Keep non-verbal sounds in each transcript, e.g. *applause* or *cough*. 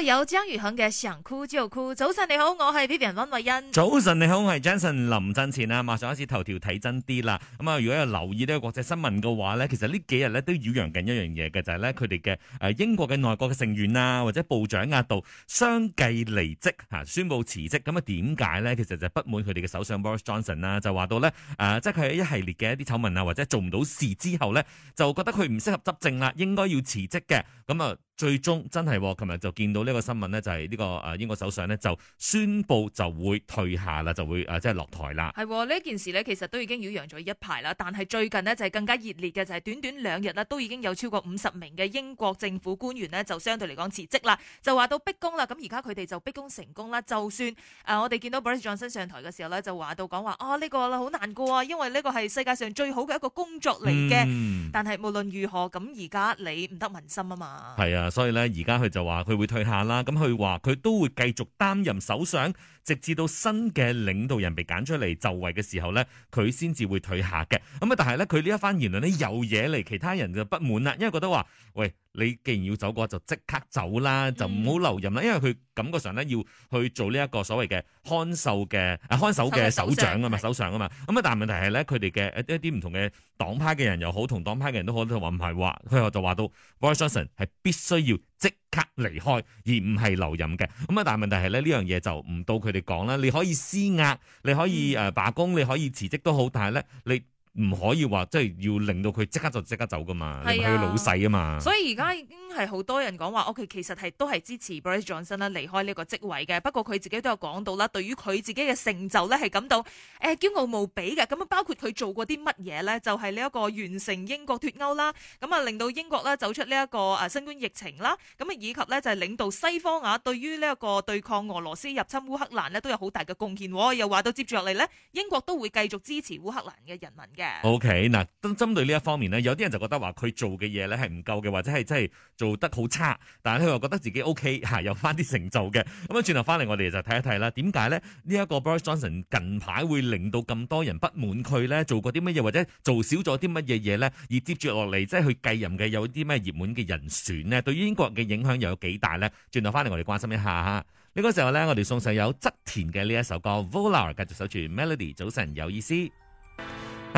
有張宇恆嘅想哭就哭。早晨你好，我係 Vivian 溫慧欣。早晨你好，我係 Jason 林振前啊。馬上開始頭條睇真啲啦。咁啊，如果有留意呢個國際新聞嘅話咧，其實呢幾日咧都擾揚緊一樣嘢嘅，就係咧佢哋嘅誒英國嘅內閣嘅成員啊，或者部長啊度相繼離職吓，宣布辭職。咁啊，點解咧？其實就不滿佢哋嘅首相 Boris Johnson 啦，就話到咧誒，即係佢一系列嘅一啲醜聞啊，或者做唔到事之後咧，就覺得佢唔適合執政啦，應該要辭職嘅。咁啊。最終真係、哦，琴日就見到呢個新聞呢，就係、是、呢、這個、呃、英國首相呢，就宣布就會退下啦，就會、呃、即係落台啦。係呢、哦、件事呢，其實都已經擾攘咗一排啦。但係最近呢，就係、是、更加熱烈嘅就係、是、短短兩日呢都已經有超過五十名嘅英國政府官員呢，就相對嚟講辭職啦，就話到逼宮啦。咁而家佢哋就逼宮成功啦。就算、呃、我哋見到、Boris、Johnson 上台嘅時候呢，就話到講話啊呢、這個啦好難過啊，因為呢個係世界上最好嘅一個工作嚟嘅。嗯、但係無論如何，咁而家你唔得民心啊嘛。啊。所以咧，而家佢就話，佢會退下啦。咁佢話，佢都會繼續擔任首相。直至到新嘅領導人被揀出嚟就位嘅時候咧，佢先至會退下嘅。咁啊，但係咧，佢呢一番言論咧又惹嚟其他人嘅不滿啦，因為覺得話：喂，你既然要走過就即刻走啦，嗯、就唔好留任啦。因為佢感覺上咧要去做呢一個所謂嘅看守嘅啊，看守嘅首長啊嘛，首相啊嘛。咁啊，但係問題係咧，佢哋嘅一啲唔同嘅黨派嘅人又好，同黨派嘅人都好，都話唔係話，佢就話到，Johnson 係必須要即。刻離開而唔係留任嘅，咁啊！但係問題係咧，呢樣嘢就唔到佢哋講啦。你可以施壓，你可以誒罷工，你可以辭職都好，但係咧，你唔可以話即係要令到佢即刻就即刻走噶，啊、嘛？你係佢老細啊嘛。所以而家已經。係好多人講話，OK，其實係都係支持 Boris Johnson 啦，離開呢個職位嘅。不過佢自己都有講到啦，對於佢自己嘅成就咧，係感到誒驕傲無比嘅。咁啊，包括佢做過啲乜嘢咧，就係呢一個完成英國脱歐啦，咁啊令到英國啦走出呢一個誒新冠疫情啦，咁啊以及咧就係領導西方啊，對於呢一個對抗俄羅斯入侵烏克蘭呢，都有好大嘅貢獻。又話到接住落嚟呢，英國都會繼續支持烏克蘭嘅人民嘅。OK，嗱，針針對呢一方面呢，有啲人就覺得話佢做嘅嘢咧係唔夠嘅，或者係真係做。做得好差，但係佢又覺得自己 O K 嚇，有翻啲成就嘅咁啊。轉頭翻嚟，我哋就睇一睇啦。點解咧呢一個 Boris Johnson 近排會令到咁多人不滿佢咧？做過啲乜嘢，或者做少咗啲乜嘢嘢咧？而接住落嚟即係去繼任嘅有啲咩熱門嘅人選咧？對於英國嘅影響又有幾大咧？轉頭翻嚟，我哋關心一下嚇。呢個時候咧，我哋送上有側田嘅呢一首歌《Volar》，繼續守住 Melody。早晨有意思。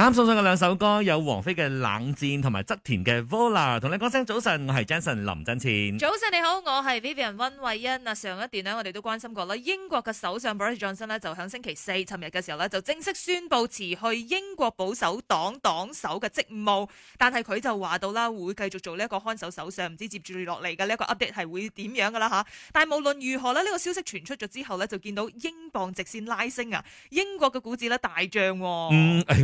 啱送上嘅兩首歌有王菲嘅《冷戰》同埋側田嘅《Vola》，同你講聲早晨，我係 Jason 林振前。早晨你好，我係 Vivian 溫慧欣。嗱，上一段咧我哋都關心過啦，英國嘅首相 Boris Johnson 咧就喺星期四尋日嘅時候咧就正式宣布辭去英國保守黨黨首嘅職務，但係佢就話到啦會繼續做呢一個看守首相，唔知接住落嚟嘅呢一個 update 係會點樣噶啦吓。但係無論如何咧，呢個消息傳出咗之後咧就見到英鎊直線拉升啊，英國嘅股指咧大漲，啊嗯。哎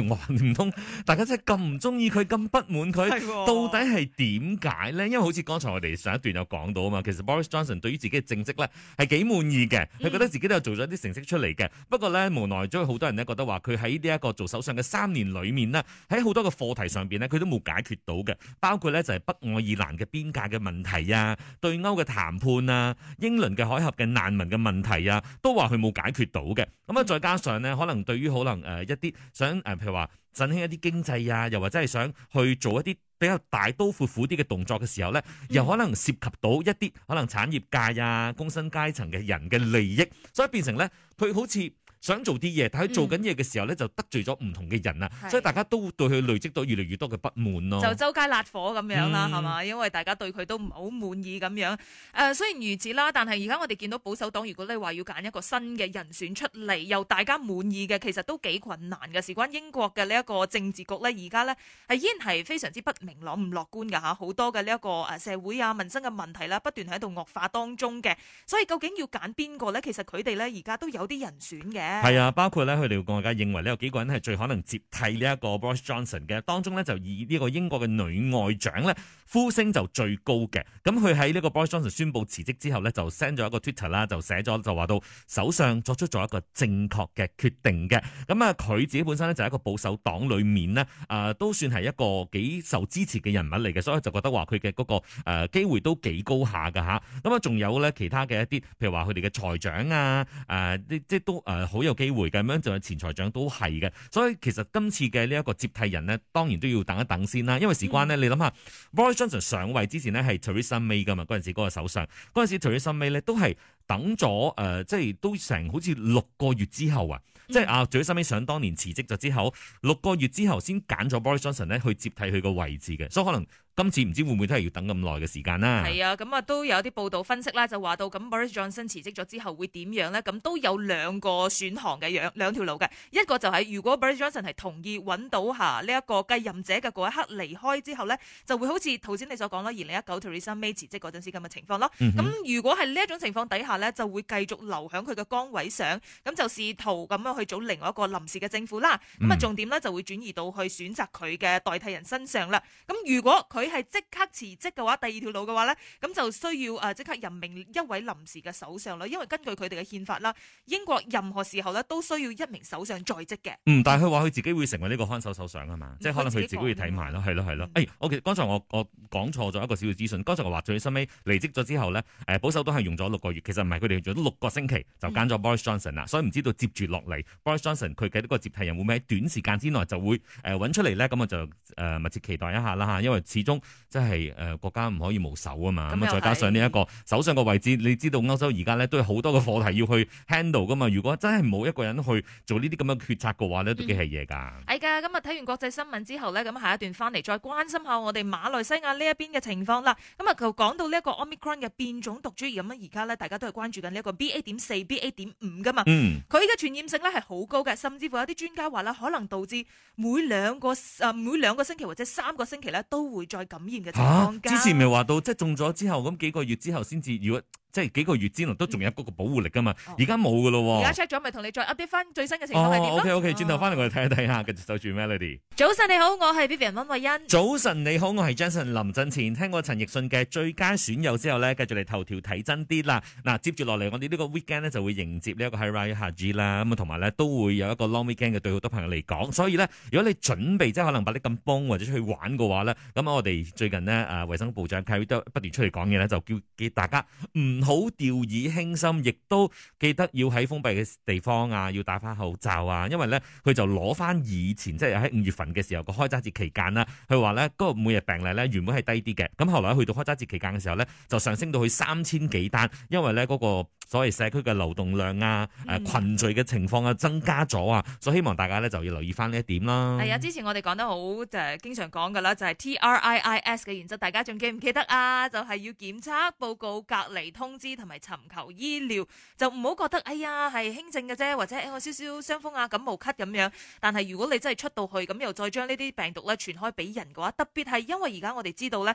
唔通大家真係咁唔中意佢，咁不滿佢，的到底係點解呢？因為好似剛才我哋上一段有講到啊嘛，其實 Boris Johnson 對於自己嘅政績呢，係幾滿意嘅，佢覺得自己都有做咗啲成績出嚟嘅。嗯、不過呢，無奈咗，好多人呢覺得話佢喺呢一個做首相嘅三年裏面呢，喺好多個課題上邊呢，佢都冇解決到嘅。包括呢就係北愛爾蘭嘅邊界嘅問題啊，對歐嘅談判啊，英倫嘅海峽嘅難民嘅問題啊，都話佢冇解決到嘅。咁啊，再加上呢，可能對於可能誒一啲想誒譬如話振興一啲經濟啊，又或者係想去做一啲比較大刀闊斧啲嘅動作嘅時候咧，又可能涉及到一啲可能產業界啊、工薪階層嘅人嘅利益，所以變成咧，佢好似。想做啲嘢，但喺做緊嘢嘅時候咧，就得罪咗唔同嘅人啊，嗯、所以大家都對佢累積到越嚟越多嘅不滿咯。就周街辣火咁樣啦，係嘛、嗯？因為大家對佢都唔係好滿意咁樣誒、呃，雖然如此啦，但係而家我哋見到保守黨，如果你話要揀一個新嘅人選出嚟，又大家滿意嘅，其實都幾困難嘅。事關英國嘅呢一個政治局咧，而家咧係依然係非常之不明朗、唔樂觀嘅吓，好多嘅呢一個誒社會啊、民生嘅問題啦，不斷喺度惡化當中嘅。所以究竟要揀邊個咧？其實佢哋咧而家都有啲人選嘅。係啊，包括咧，佢哋外界認為呢，有幾個人咧係最可能接替呢一個 Boris Johnson 嘅，當中咧就以呢個英國嘅女外長咧呼聲就最高嘅。咁佢喺呢個 Boris Johnson 宣佈辭職之後咧，就 send 咗一個 Twitter 啦，就寫咗就話到首相作出咗一個正確嘅決定嘅。咁啊，佢自己本身咧就係一個保守黨裏面呢，啊、呃、都算係一個幾受支持嘅人物嚟嘅，所以就覺得話佢嘅嗰個誒、呃、機會都幾高下㗎吓。咁啊，仲有咧其他嘅一啲，譬如話佢哋嘅財長啊，誒、呃、即都、呃好有機會嘅，咁樣仲有前財長都係嘅，所以其實今次嘅呢一個接替人呢，當然都要等一等先啦。因為事關呢，你諗下，Boris Johnson 上位之前呢係 Theresa May 噶嘛，嗰陣時嗰個首相，嗰陣時 Theresa May 呢都係等咗誒、呃，即係都成好似六個月之後啊，即係、嗯、啊 Theresa May 想當年辭職咗之後，六個月之後先揀咗 Boris Johnson 呢去接替佢個位置嘅，所以可能。今次唔知會唔會都係要等咁耐嘅時間啦。係啊，咁啊都有啲報道分析啦，就話到咁，Boris Johnson 辭職咗之後會點樣咧？咁都有兩個選項嘅兩兩條路嘅。一個就係、是、如果 Boris Johnson 係同意揾到下呢一個繼任者嘅嗰一刻離開之後咧，就會好似頭先你所講啦，二零一九 Theresa May 辭職嗰陣時咁嘅情況咯。咁、嗯、哼如果係呢一種情況底下咧，就會繼續留喺佢嘅崗位上，咁就試圖咁樣去做另外一個臨時嘅政府啦。咁啊、嗯、重點咧就會轉移到去選擇佢嘅代替人身上啦。咁如果佢你係即刻辭職嘅話，第二條路嘅話咧，咁就需要誒即刻任命一位臨時嘅首相啦。因為根據佢哋嘅憲法啦，英國任何時候咧都需要一名首相在職嘅。嗯，但係佢話佢自己會成為呢個看守首相啊嘛，即係可能佢自己會睇埋咯，係咯係咯。誒，OK，剛才我我講錯咗一個小小嘅資訊。剛才我話最收尾離職咗之後咧，誒保守都係用咗六個月，其實唔係佢哋用咗六個星期就揀咗 Boris Johnson 啦，所以唔知道接住落嚟 Boris Johnson 佢嘅呢個接替人會唔會喺短時間之內就會誒揾、呃、出嚟咧？咁我就誒、呃、密切期待一下啦嚇，因為始終。即係誒，國家唔可以無首啊嘛，咁啊再加上呢、這、一個首相個位置，你知道歐洲而家咧都有好多個課題要去 handle 噶嘛如果真係冇一個人去做呢啲咁樣嘅決策嘅話咧，都幾係嘢噶嗯係噶，咁啊睇完國際新聞之後咧，咁下一段翻嚟再關心下我哋馬來西亞呢一邊嘅情況啦。咁啊，就講到呢一個 omicron 嘅變種毒株，咁啊而家咧大家都係關注緊呢一個 B A 點四、B A 點五噶嘛。嗯，佢依個傳染性咧係好高嘅，甚至乎有啲專家話啦，可能導致每兩個誒、啊、每兩個星期或者三個星期咧都會再感染嘅情況、啊。之前咪話到即係、就是、中咗之後，咁幾個月之後先至如果。即係幾個月之內都仲有嗰個保護力㗎嘛，而家冇㗎咯。而家 check 咗咪同你再 update 翻最新嘅情況係點？OK，OK，轉頭翻嚟我哋睇一睇下，繼續守住 Melody。早晨你好，我係 Vivian 温慧欣。早晨你好，我係 Johnson。臨陣前聽過陳奕迅嘅最佳損友之後咧，繼續嚟頭條睇真啲啦。嗱，接住落嚟我哋呢個 Weekend 咧就會迎接呢一個 Hari Raya Holiday 啦。咁啊，同埋咧都會有一個 Long Weekend 嘅，對好多朋友嚟講，所以咧如果你準備即係可能把啲咁 bone 崩或者出去玩嘅話咧，咁我哋最近咧啊衞生部長卡瑞都不斷出嚟講嘢咧，就叫叫大家唔好掉以輕心，亦都記得要喺封閉嘅地方啊，要戴翻口罩啊。因為咧，佢就攞翻以前，即係喺五月份嘅時候個開齋節期間啦。佢話咧，個、那個每日病例咧原本係低啲嘅，咁後來去到開齋節期間嘅時候咧，就上升到去三千幾單。因為咧，嗰、那個所謂社區嘅流動量啊、誒、啊、群聚嘅情況啊增加咗啊，所以希望大家咧就要留意翻呢一點啦。係啊、哎，之前我哋講得好誒，經常講㗎喇，就係 T R I I S 嘅原則，大家仲記唔記得啊？就係、是、要檢測、報告、隔離、通同埋尋求醫療，就唔好覺得哎呀係輕症嘅啫，或者、哎呀、我少少傷風啊、感冒咳咁樣。但係如果你真係出到去，咁又再將呢啲病毒咧傳開俾人嘅話，特別係因為而家我哋知道咧。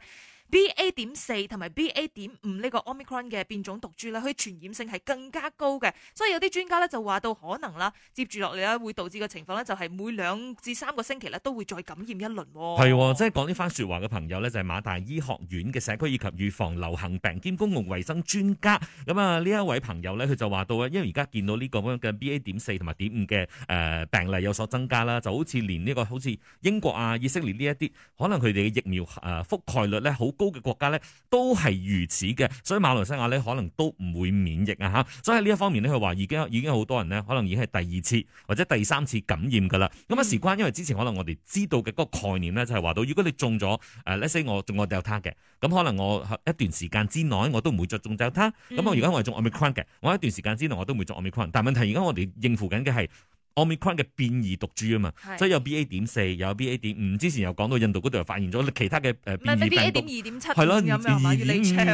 B. A. 點四同埋 B. A. 點五呢個 Omicron 嘅變種毒株咧，佢傳染性係更加高嘅，所以有啲專家咧就話到可能啦，接住落嚟咧會導致嘅情況咧就係每兩至三個星期咧都會再感染一輪、哦。係、哦，即係講呢番説話嘅朋友咧就係馬大醫學院嘅社區以及預防流行病兼公共衞生專家。咁啊呢一位朋友咧佢就話到啊，因為而家見到呢個咁樣嘅 B. A. 點四同埋點五嘅誒病例有所增加啦，就好似連呢個好似英國啊、以色列呢一啲，可能佢哋嘅疫苗誒覆蓋率咧好。高嘅國家咧都係如此嘅，所以馬來西亞咧可能都唔會免疫啊嚇，所以喺呢一方面咧，佢話已經已經好多人咧，可能已經係第二次或者第三次感染噶啦。咁啊事關，因為之前可能我哋知道嘅嗰個概念咧，就係話到如果你中咗誒、呃、let's say 我我 Delta 嘅，咁可能我一段時間之內我都唔會再中 Delta、嗯。咁我而家我係中 Omicron 嘅，我一段時間之內我都唔會中 Omicron。但問題而家我哋應付緊嘅係。Omicron 嘅變異毒株啊嘛，即係有 BA 點四，有 BA 點五，之前又講到印度嗰度又發現咗其他嘅誒變異病毒，係咪 BA 點二點七點五？係咯二、啊，變異二點五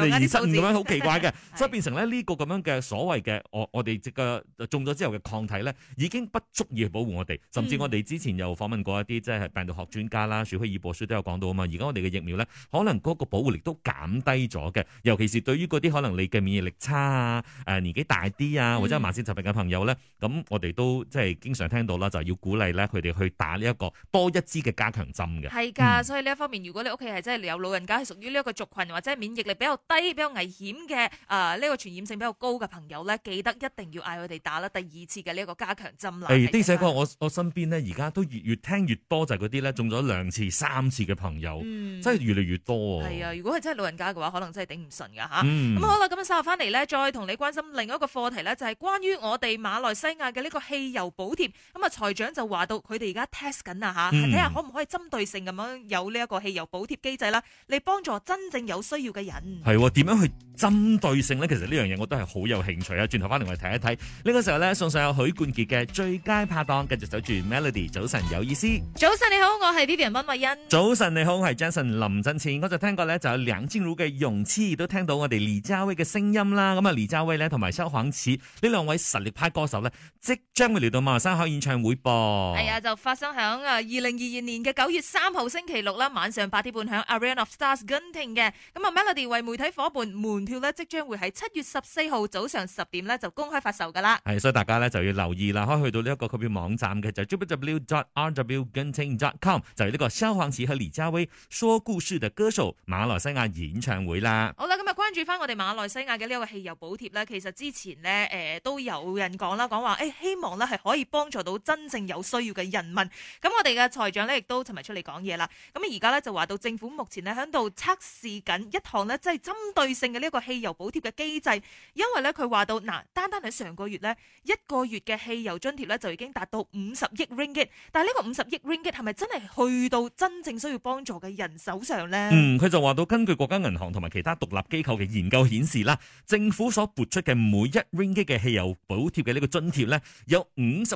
零二七咁樣，好奇怪嘅，所以變成咧呢個咁樣嘅所謂嘅我我哋只嘅中咗之後嘅抗體咧，已經不足以保護我哋，甚至我哋之前又訪問過一啲即係病毒學專家啦，小威爾博士都有講到啊嘛，而家我哋嘅疫苗咧，可能嗰個保護力都減低咗嘅，尤其是對於嗰啲可能你嘅免疫力差啊，誒、呃、年紀大啲啊，或者係慢性疾病嘅朋友咧，咁我哋都即係。經常聽到啦，就要鼓勵咧，佢哋去打呢一個多一支嘅加強針嘅。係㗎的，嗯、所以呢一方面，如果你屋企係真係有老人家，係屬於呢一個族群，或者免疫力比較低、比較危險嘅啊，呢、呃這個傳染性比較高嘅朋友咧，記得一定要嗌佢哋打啦第二次嘅呢一個加強針啦。誒、哎，丁仔哥，吧我我身邊呢，而家都越越聽越多就是那些，就係嗰啲咧中咗兩次、三次嘅朋友，嗯、真係越嚟越多、啊。係啊，如果係真係老人家嘅話，可能真係頂唔順㗎吓，咁、嗯嗯、好啦，咁啊收下翻嚟咧，再同你關心另一個課題咧，就係、是、關於我哋馬來西亞嘅呢個汽油保。咁啊，財長就話到佢哋而家 test 緊啊嚇，睇下、嗯、可唔可以針對性咁樣有呢一個汽油補貼機制啦，嚟幫助真正有需要嘅人。係點、嗯、樣去針對性呢？其實呢樣嘢我都係好有興趣啊！轉頭翻嚟我哋睇一睇呢、呢個時候咧，送上有許冠傑嘅最佳拍檔，繼續走住 Melody。早晨有意思。早晨你好，我係 B B 温慧欣。早晨你好，我係 Jason 林振前。我就聽過咧，就有兩千五嘅用詞都聽到我哋李家威嘅聲音啦。咁、嗯、啊，李家威咧同埋蕭煌奇呢兩位實力派歌手呢，即將會嚟到馬喺演唱會噃，係啊，就發生喺啊二零二二年嘅九月三號星期六啦，晚上八點半喺 Arena of Stars Genting 嘅。咁啊，Melody 為媒體夥伴門票咧，即將會喺七月十四號早上十點咧就公開發售噶啦。係，所以大家咧就要留意啦，可以去到呢一個購票網站嘅就 www.rwgenting.com，就係呢個蕭煌奇喺李佳薇說故事嘅歌手馬來西亞演唱會啦。好啦，咁、嗯、今日關注翻我哋馬來西亞嘅呢一個汽油補貼咧，其實之前咧誒、呃、都有人講啦，講話誒、哎、希望咧係可以幫。幫助到真正有需要嘅人民，咁我哋嘅財長呢，亦都尋日出嚟講嘢啦。咁而家呢，就話到政府目前呢響度測試緊一項呢，即係針對性嘅呢個汽油補貼嘅機制，因為呢，佢話到嗱、呃，單單喺上個月呢，一個月嘅汽油津貼呢，就已經達到五十億 ringgit，但係呢個五十億 ringgit 係咪真係去到真正需要幫助嘅人手上呢？嗯，佢就話到根據國家銀行同埋其他獨立機構嘅研究顯示啦，政府所撥出嘅每一 ringgit 嘅汽油補貼嘅呢個津貼呢，有五十。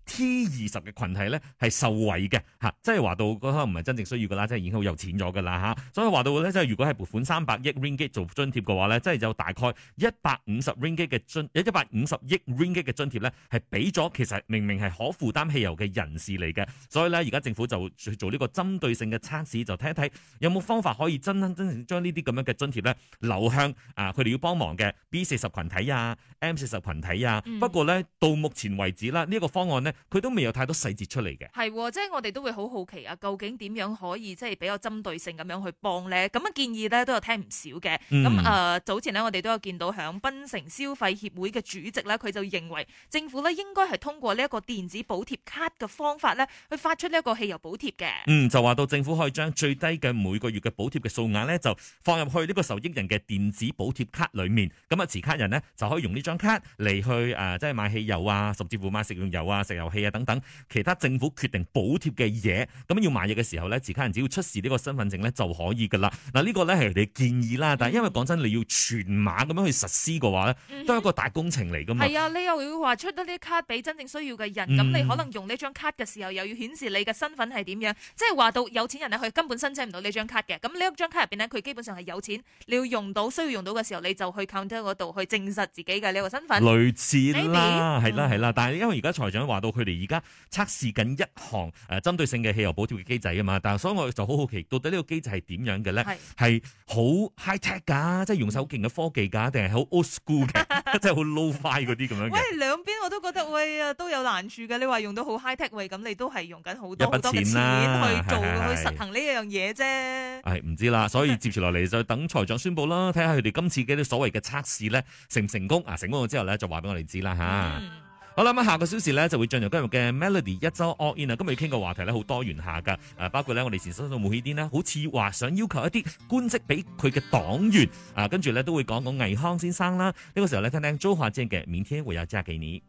T 二十嘅群體咧係受惠嘅吓，即係話到嗰可能唔係真正需要噶啦，即係已經好有錢咗噶啦吓，所以說到話到咧，即係如果係撥款三百億 Ringgit 做津貼嘅話咧，即係有大概一百五十 Ringgit 嘅津有一百五十億 Ringgit 嘅津貼咧，係俾咗其實明明係可負擔汽油嘅人士嚟嘅，所以咧而家政府就去做呢個針對性嘅測試，就睇一睇有冇方法可以真真正正將呢啲咁樣嘅津貼咧流向啊佢哋要幫忙嘅 B 四十群體啊、M 四十群體啊。不過咧到目前為止啦，呢、這、一個方案咧。佢都未有太多細節出嚟嘅、嗯，係即係我哋都會好好奇啊！究竟點樣可以即係比較針對性咁樣去幫咧？咁啊建議咧都有聽唔少嘅。咁誒早前咧我哋都有見到響檳城消費協會嘅主席咧，佢就認為政府咧應該係通過呢一個電子補貼卡嘅方法咧，去發出呢一個汽油補貼嘅。嗯，就話到政府可以將最低嘅每個月嘅補貼嘅數額咧，就放入去呢個受益人嘅電子補貼卡裡面，咁啊持卡人呢，就可以用呢張卡嚟去誒，即係買汽油啊，甚至乎買食用油啊，食用油啊食.遊戲啊等等，其他政府決定補貼嘅嘢，咁要買嘢嘅時候咧，持卡人只要出示呢個身份證咧就可以噶啦。嗱呢個咧係人哋建議啦，但係因為講真，你要全碼咁樣去實施嘅話咧，嗯、哼都係一個大工程嚟噶嘛。係啊，你又要話出得呢卡俾真正需要嘅人，咁、嗯、你可能用呢張卡嘅時候，又要顯示你嘅身份係點樣？即係話到有錢人咧，佢根本申請唔到呢張卡嘅。咁呢一張卡入邊咧，佢基本上係有錢，你要用到需要用到嘅時候，你就去 counter 嗰度去證實自己嘅呢個身份。類似啦，係啦係啦，是啦嗯、但係因為而家財長話到。佢哋而家測試緊一項誒針對性嘅汽油補貼嘅機制啊嘛，但係所以我就好好奇，到底呢個機制係點樣嘅咧？係好是 high tech 㗎，即係用手勁嘅科技㗎，定係好 old school 嘅， *laughs* 即係好 low five 嗰啲咁樣？ *laughs* 喂，兩邊我都覺得，喂啊，都有難處嘅。你話用到好 high tech 為咁，你都係用緊好多錢，好多錢去做去是實行呢一樣嘢啫。係唔知啦，所以接住落嚟就等財長宣布啦，睇下佢哋今次嘅啲所謂嘅測試咧成唔成功啊？成功咗之後咧，就話俾我哋知啦嚇。好啦，咁下個小時咧就會進入今日嘅 Melody 一周 all in 啊！今日要傾嘅話題咧好多元下噶、啊，包括咧我哋前首相吳啟啲呢，好似話想要求一啲官職俾佢嘅黨員啊，跟住咧都會講講魏康先生啦。呢、呢個時候咧，聽聽周華健嘅《明天會有吉阿你》。